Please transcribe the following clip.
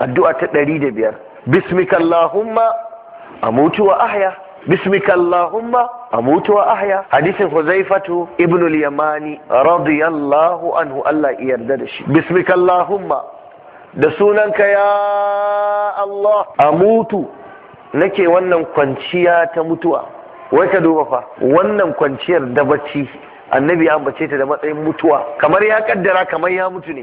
addu'a ta ɗari da biyar bismikallahumma a mutuwa ahya bismikallahumma a mutuwa ahya hadisin huzaifatu ibn yamani radiyallahu anhu Allah ya yarda da shi bismikallahumma da sunanka ya Allah a mutu nake wannan kwanciya ta mutuwa wai ka duba fa wannan kwanciyar da bacci annabi ya bace ta da matsayin mutuwa kamar ya kaddara kamar ya mutu ne